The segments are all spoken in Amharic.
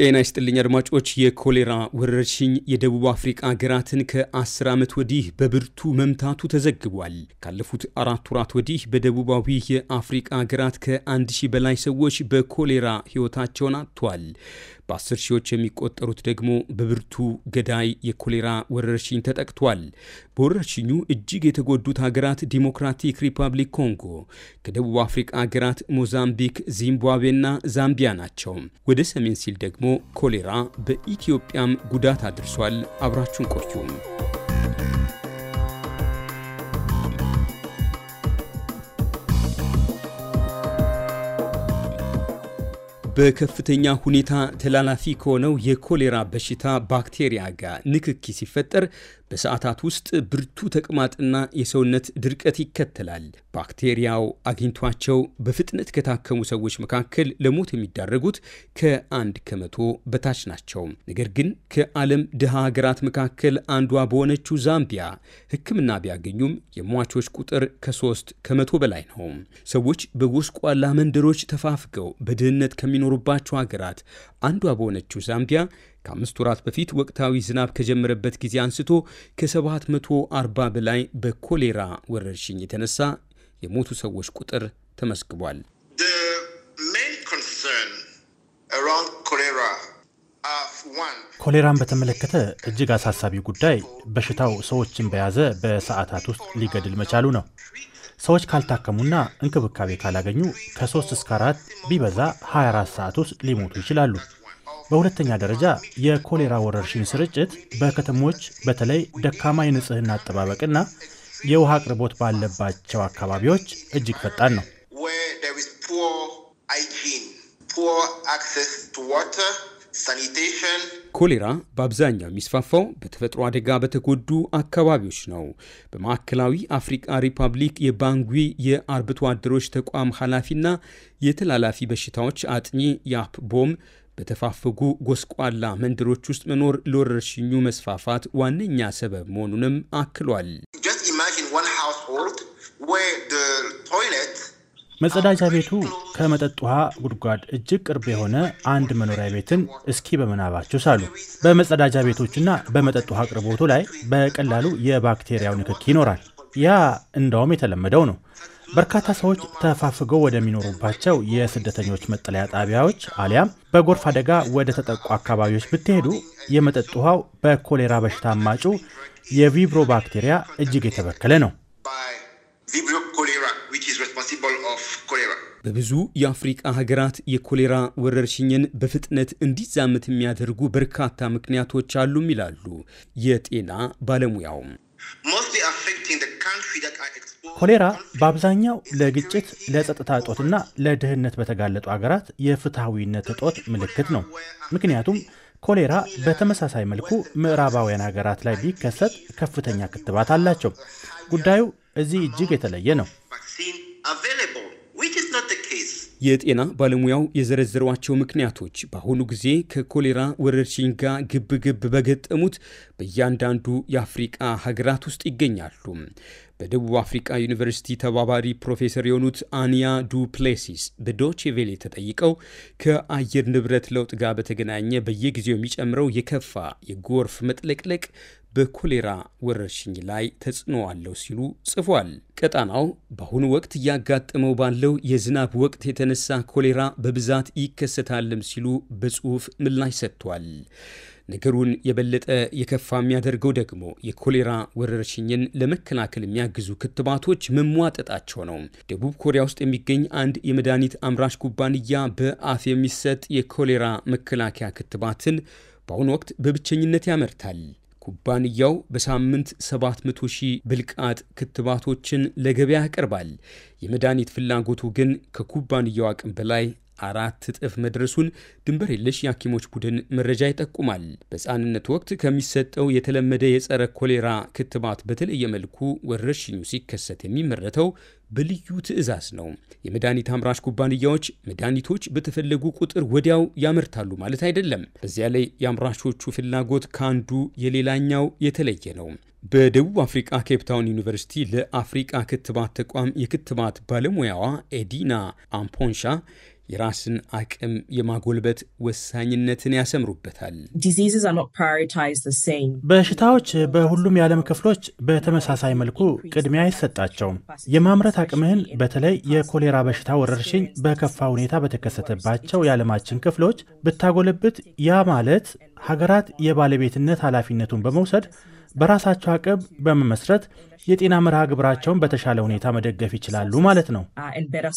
ጤና ይስጥልኝ አድማጮች። የኮሌራ ወረርሽኝ የደቡብ አፍሪቃ ሀገራትን ከ10 ዓመት ወዲህ በብርቱ መምታቱ ተዘግቧል። ካለፉት አራት ወራት ወዲህ በደቡባዊ የአፍሪቃ ሀገራት ከ1000 በላይ ሰዎች በኮሌራ ሕይወታቸውን አጥቷል። በአስር ሺዎች የሚቆጠሩት ደግሞ በብርቱ ገዳይ የኮሌራ ወረርሽኝ ተጠቅቷል። በወረርሽኙ እጅግ የተጎዱት ሀገራት ዲሞክራቲክ ሪፐብሊክ ኮንጎ፣ ከደቡብ አፍሪቃ ሀገራት ሞዛምቢክ፣ ዚምባብዌና ዛምቢያ ናቸው። ወደ ሰሜን ሲል ደግሞ ኮሌራ በኢትዮጵያም ጉዳት አድርሷል። አብራችሁን ቆዩም በከፍተኛ ሁኔታ ተላላፊ ከሆነው የኮሌራ በሽታ ባክቴሪያ ጋር ንክኪ ሲፈጠር በሰዓታት ውስጥ ብርቱ ተቅማጥና የሰውነት ድርቀት ይከተላል። ባክቴሪያው አግኝቷቸው በፍጥነት ከታከሙ ሰዎች መካከል ለሞት የሚዳረጉት ከአንድ ከመቶ በታች ናቸው። ነገር ግን ከዓለም ድሃ ሀገራት መካከል አንዷ በሆነችው ዛምቢያ ሕክምና ቢያገኙም የሟቾች ቁጥር ከሶስት ከመቶ በላይ ነው። ሰዎች በጎስቋላ መንደሮች ተፋፍገው በድህነት ከሚኖሩባቸው ሀገራት አንዷ በሆነችው ዛምቢያ ከአምስት ወራት በፊት ወቅታዊ ዝናብ ከጀመረበት ጊዜ አንስቶ ከ740 በላይ በኮሌራ ወረርሽኝ የተነሳ የሞቱ ሰዎች ቁጥር ተመስግቧል። ኮሌራን በተመለከተ እጅግ አሳሳቢ ጉዳይ በሽታው ሰዎችን በያዘ በሰዓታት ውስጥ ሊገድል መቻሉ ነው። ሰዎች ካልታከሙና እንክብካቤ ካላገኙ ከ3 እስከ 4 ቢበዛ 24 ሰዓት ውስጥ ሊሞቱ ይችላሉ። በሁለተኛ ደረጃ የኮሌራ ወረርሽኝ ስርጭት በከተሞች በተለይ ደካማ የንጽህና አጠባበቅና የውሃ አቅርቦት ባለባቸው አካባቢዎች እጅግ ፈጣን ነው። ኮሌራ በአብዛኛው የሚስፋፋው በተፈጥሮ አደጋ በተጎዱ አካባቢዎች ነው። በማዕከላዊ አፍሪካ ሪፐብሊክ የባንጉ የአርብቶ አደሮች ተቋም ኃላፊና የተላላፊ በሽታዎች አጥኚ ያፕ ቦም በተፋፈጉ ጎስቋላ መንደሮች ውስጥ መኖር ለወረርሽኙ መስፋፋት ዋነኛ ሰበብ መሆኑንም አክሏል። መጸዳጃ ቤቱ ከመጠጥ ውሃ ጉድጓድ እጅግ ቅርብ የሆነ አንድ መኖሪያ ቤትን እስኪ በምናባችሁ ሳሉ። በመጸዳጃ ቤቶችና በመጠጥ ውሃ አቅርቦቱ ላይ በቀላሉ የባክቴሪያው ንክኪ ይኖራል። ያ እንዳውም የተለመደው ነው። በርካታ ሰዎች ተፋፍገው ወደሚኖሩባቸው የስደተኞች መጠለያ ጣቢያዎች አሊያም በጎርፍ አደጋ ወደ ተጠቁ አካባቢዎች ብትሄዱ የመጠጥ ውሃው በኮሌራ በሽታ አማጩ የቪብሮ ባክቴሪያ እጅግ የተበከለ ነው። በብዙ የአፍሪቃ ሀገራት የኮሌራ ወረርሽኝን በፍጥነት እንዲዛመት የሚያደርጉ በርካታ ምክንያቶች አሉም ይላሉ የጤና ባለሙያውም። ኮሌራ በአብዛኛው ለግጭት፣ ለጸጥታ እጦትና ለድህነት በተጋለጡ አገራት የፍትሐዊነት እጦት ምልክት ነው። ምክንያቱም ኮሌራ በተመሳሳይ መልኩ ምዕራባውያን ሀገራት ላይ ቢከሰት ከፍተኛ ክትባት አላቸው። ጉዳዩ እዚህ እጅግ የተለየ ነው። የጤና ባለሙያው የዘረዘሯቸው ምክንያቶች በአሁኑ ጊዜ ከኮሌራ ወረርሽኝ ጋር ግብ ግብ በገጠሙት በእያንዳንዱ የአፍሪቃ ሀገራት ውስጥ ይገኛሉ። በደቡብ አፍሪካ ዩኒቨርሲቲ ተባባሪ ፕሮፌሰር የሆኑት አንያ ዱ ፕሌሲስ በዶችቬሌ ተጠይቀው ከአየር ንብረት ለውጥ ጋር በተገናኘ በየጊዜው የሚጨምረው የከፋ የጎርፍ መጥለቅለቅ በኮሌራ ወረርሽኝ ላይ ተጽዕኖ አለው ሲሉ ጽፏል። ቀጣናው በአሁኑ ወቅት እያጋጠመው ባለው የዝናብ ወቅት የተነሳ ኮሌራ በብዛት ይከሰታልም ሲሉ በጽሑፍ ምላሽ ሰጥቷል። ነገሩን የበለጠ የከፋ የሚያደርገው ደግሞ የኮሌራ ወረርሽኝን ለመከላከል የሚያግዙ ክትባቶች መሟጠጣቸው ነው። ደቡብ ኮሪያ ውስጥ የሚገኝ አንድ የመድኃኒት አምራች ኩባንያ በአፍ የሚሰጥ የኮሌራ መከላከያ ክትባትን በአሁኑ ወቅት በብቸኝነት ያመርታል። ኩባንያው በሳምንት 700 ሺህ ብልቃጥ ክትባቶችን ለገበያ ያቀርባል። የመድኃኒት ፍላጎቱ ግን ከኩባንያው አቅም በላይ አራት እጥፍ መድረሱን ድንበር የለሽ የሐኪሞች ቡድን መረጃ ይጠቁማል። በሕፃንነት ወቅት ከሚሰጠው የተለመደ የጸረ ኮሌራ ክትባት በተለየ መልኩ ወረርሽኙ ሲከሰት የሚመረተው በልዩ ትዕዛዝ ነው። የመድኃኒት አምራች ኩባንያዎች መድኃኒቶች በተፈለጉ ቁጥር ወዲያው ያመርታሉ ማለት አይደለም። በዚያ ላይ የአምራቾቹ ፍላጎት ከአንዱ የሌላኛው የተለየ ነው። በደቡብ አፍሪቃ ኬፕታውን ዩኒቨርሲቲ ለአፍሪቃ ክትባት ተቋም የክትባት ባለሙያዋ ኤዲና አምፖንሻ የራስን አቅም የማጎልበት ወሳኝነትን ያሰምሩበታል። በሽታዎች በሁሉም የዓለም ክፍሎች በተመሳሳይ መልኩ ቅድሚያ አይሰጣቸውም። የማምረት አቅምህን በተለይ የኮሌራ በሽታ ወረርሽኝ በከፋ ሁኔታ በተከሰተባቸው የዓለማችን ክፍሎች ብታጎለብት ያ ማለት ሀገራት የባለቤትነት ኃላፊነቱን በመውሰድ በራሳቸው አቅም በመመስረት የጤና መርሃ ግብራቸውን በተሻለ ሁኔታ መደገፍ ይችላሉ ማለት ነው። uh,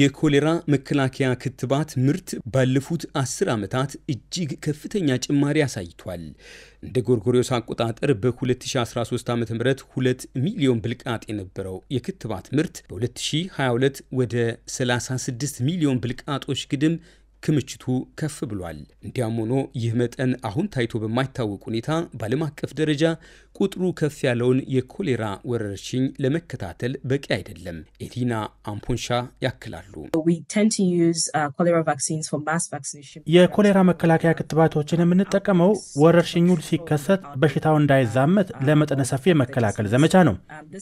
የኮሌራ መከላከያ ክትባት ምርት ባለፉት አስር ዓመታት እጅግ ከፍተኛ ጭማሪ አሳይቷል። እንደ ጎርጎሪዮስ አቆጣጠር በ2013 ዓ ም 2 ሚሊዮን ብልቃጥ የነበረው የክትባት ምርት በ2022 ወደ 36 ሚሊዮን ብልቃጦች ግድም ክምችቱ ከፍ ብሏል። እንዲያም ሆኖ ይህ መጠን አሁን ታይቶ በማይታወቅ ሁኔታ በዓለም አቀፍ ደረጃ ቁጥሩ ከፍ ያለውን የኮሌራ ወረርሽኝ ለመከታተል በቂ አይደለም። ኤዲና አምፖንሻ ያክላሉ። uh, የኮሌራ መከላከያ ክትባቶችን የምንጠቀመው ወረርሽኙ ሲከሰት በሽታው እንዳይዛመት ለመጠነ ሰፊ የመከላከል ዘመቻ ነው።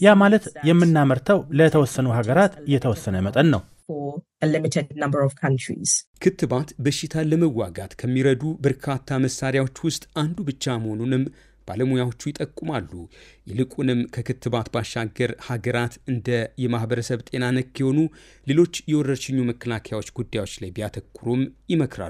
ያ ማለት የምናመርተው ለተወሰኑ ሀገራት የተወሰነ መጠን ነው። ክትባት በሽታን ለመዋጋት ከሚረዱ በርካታ መሳሪያዎች ውስጥ አንዱ ብቻ መሆኑንም ባለሙያዎቹ ይጠቁማሉ። ይልቁንም ከክትባት ባሻገር ሀገራት እንደ የማህበረሰብ ጤና ነክ የሆኑ ሌሎች የወረርሽኙ መከላከያዎች ጉዳዮች ላይ ቢያተኩሩም ይመክራሉ።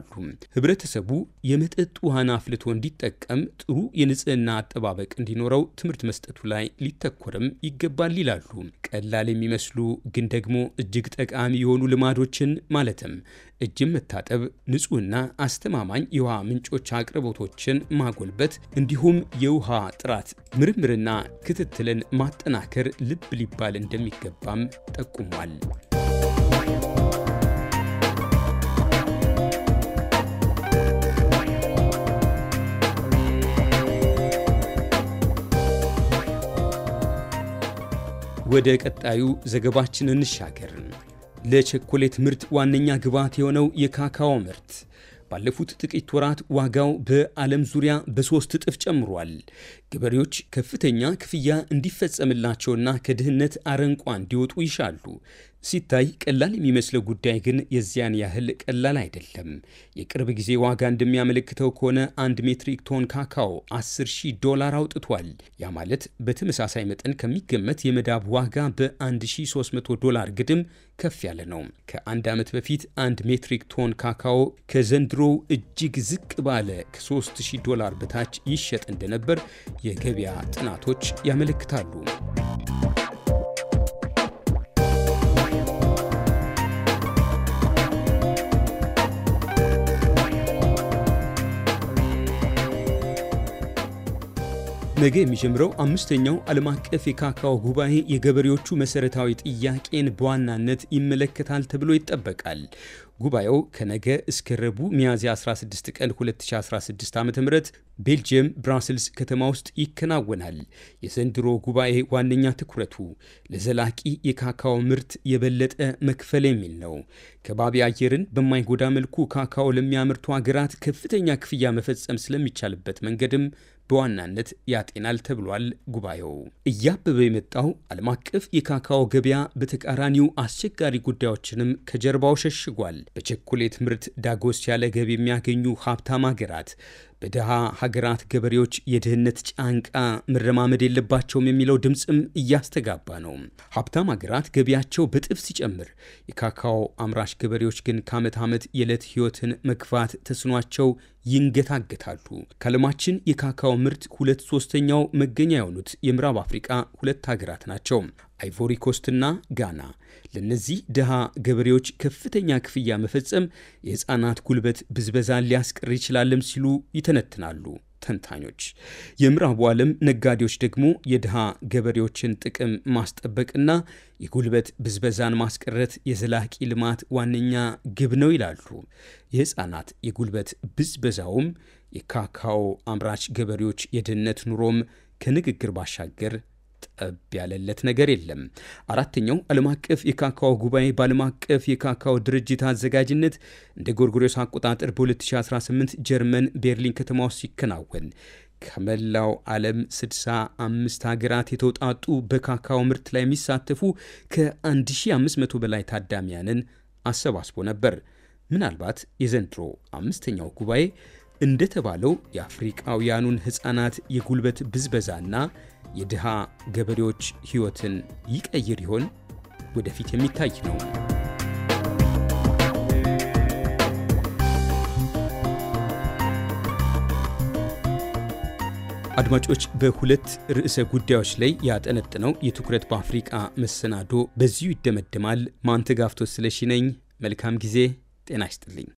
ህብረተሰቡ የመጠጥ ውሃን አፍልቶ እንዲጠቀም ጥሩ የንጽህና አጠባበቅ እንዲኖረው ትምህርት መስጠቱ ላይ ሊተኮርም ይገባል ይላሉ። ቀላል የሚመስሉ ግን ደግሞ እጅግ ጠቃሚ የሆኑ ልማዶችን ማለትም እጅን መታጠብ፣ ንጹህና አስተማማኝ የውሃ ምንጮች አቅርቦቶችን ማጎልበት እንዲሁም የውሃ ጥራት ምርምርና ክትትልን ማጠናከር ልብ ሊባል እንደሚገባም ጠቁሟል። ወደ ቀጣዩ ዘገባችን እንሻገር። ለቸኮሌት ምርት ዋነኛ ግብዓት የሆነው የካካዎ ምርት ባለፉት ጥቂት ወራት ዋጋው በዓለም ዙሪያ በሶስት እጥፍ ጨምሯል። ገበሬዎች ከፍተኛ ክፍያ እንዲፈጸምላቸውና ከድህነት አረንቋ እንዲወጡ ይሻሉ። ሲታይ ቀላል የሚመስለው ጉዳይ ግን የዚያን ያህል ቀላል አይደለም። የቅርብ ጊዜ ዋጋ እንደሚያመለክተው ከሆነ አንድ ሜትሪክ ቶን ካካዎ ሺህ ዶላር አውጥቷል። ያ ማለት በተመሳሳይ መጠን ከሚገመት የመዳብ ዋጋ በ1300 ዶላር ግድም ከፍ ያለ ነው። ከአንድ ዓመት በፊት አንድ ሜትሪክ ቶን ካካዎ ከዘንድሮው እጅግ ዝቅ ባለ ከ3000 ዶላር በታች ይሸጥ እንደነበር የገበያ ጥናቶች ያመለክታሉ። ነገ የሚጀምረው አምስተኛው ዓለም አቀፍ የካካዎ ጉባኤ የገበሬዎቹ መሰረታዊ ጥያቄን በዋናነት ይመለከታል ተብሎ ይጠበቃል። ጉባኤው ከነገ እስከ ረቡዕ ሚያዝያ 16 ቀን 2016 ዓ ም ቤልጅየም ብራስልስ ከተማ ውስጥ ይከናወናል። የዘንድሮ ጉባኤ ዋነኛ ትኩረቱ ለዘላቂ የካካዎ ምርት የበለጠ መክፈል የሚል ነው። ከባቢ አየርን በማይጎዳ መልኩ ካካዎ ለሚያመርቱ ሀገራት ከፍተኛ ክፍያ መፈጸም ስለሚቻልበት መንገድም በዋናነት ያጤናል ተብሏል። ጉባኤው እያበበ የመጣው ዓለም አቀፍ የካካኦ ገበያ በተቃራኒው አስቸጋሪ ጉዳዮችንም ከጀርባው ሸሽጓል። በቸኮሌት ምርት ዳጎስ ያለ ገቢ የሚያገኙ ሀብታም ሀገራት በድሃ ሀገራት ገበሬዎች የድህነት ጫንቃ መረማመድ የለባቸውም የሚለው ድምፅም እያስተጋባ ነው። ሀብታም ሀገራት ገቢያቸው በጥፍ ሲጨምር፣ የካካዎ አምራች ገበሬዎች ግን ከዓመት ዓመት የዕለት ሕይወትን መግፋት ተስኗቸው ይንገታገታሉ። ከዓለማችን የካካዎ ምርት ሁለት ሶስተኛው መገኛ የሆኑት የምዕራብ አፍሪቃ ሁለት ሀገራት ናቸው፣ አይቮሪኮስትና ኮስትና ጋና። ለእነዚህ ድሃ ገበሬዎች ከፍተኛ ክፍያ መፈጸም የሕፃናት ጉልበት ብዝበዛን ሊያስቀር ይችላልም ሲሉ ይተነትናሉ። ተንታኞች። የምዕራቡ ዓለም ነጋዴዎች ደግሞ የድሃ ገበሬዎችን ጥቅም ማስጠበቅና የጉልበት ብዝበዛን ማስቀረት የዘላቂ ልማት ዋነኛ ግብ ነው ይላሉ። የሕፃናት የጉልበት ብዝበዛውም የካካኦ አምራች ገበሬዎች የድህነት ኑሮም ከንግግር ባሻገር ጠብ ያለለት ነገር የለም። አራተኛው ዓለም አቀፍ የካካዎ ጉባኤ በዓለም አቀፍ የካካዎ ድርጅት አዘጋጅነት እንደ ጎርጎሪዮስ አቆጣጠር በ2018 ጀርመን ቤርሊን ከተማ ውስጥ ሲከናወን ከመላው ዓለም 65 ሀገራት የተውጣጡ በካካዎ ምርት ላይ የሚሳተፉ ከ1500 በላይ ታዳሚያንን አሰባስቦ ነበር። ምናልባት የዘንድሮ አምስተኛው ጉባኤ እንደተባለው የአፍሪቃውያኑን ሕፃናት የጉልበት ብዝበዛና የድሃ ገበሬዎች ሕይወትን ይቀይር ይሆን? ወደፊት የሚታይ ነው። አድማጮች፣ በሁለት ርዕሰ ጉዳዮች ላይ ያጠነጥነው የትኩረት በአፍሪቃ መሰናዶ በዚሁ ይደመድማል። ማንተጋፍቶ ስለሺ ነኝ። መልካም ጊዜ። ጤና ይስጥልኝ።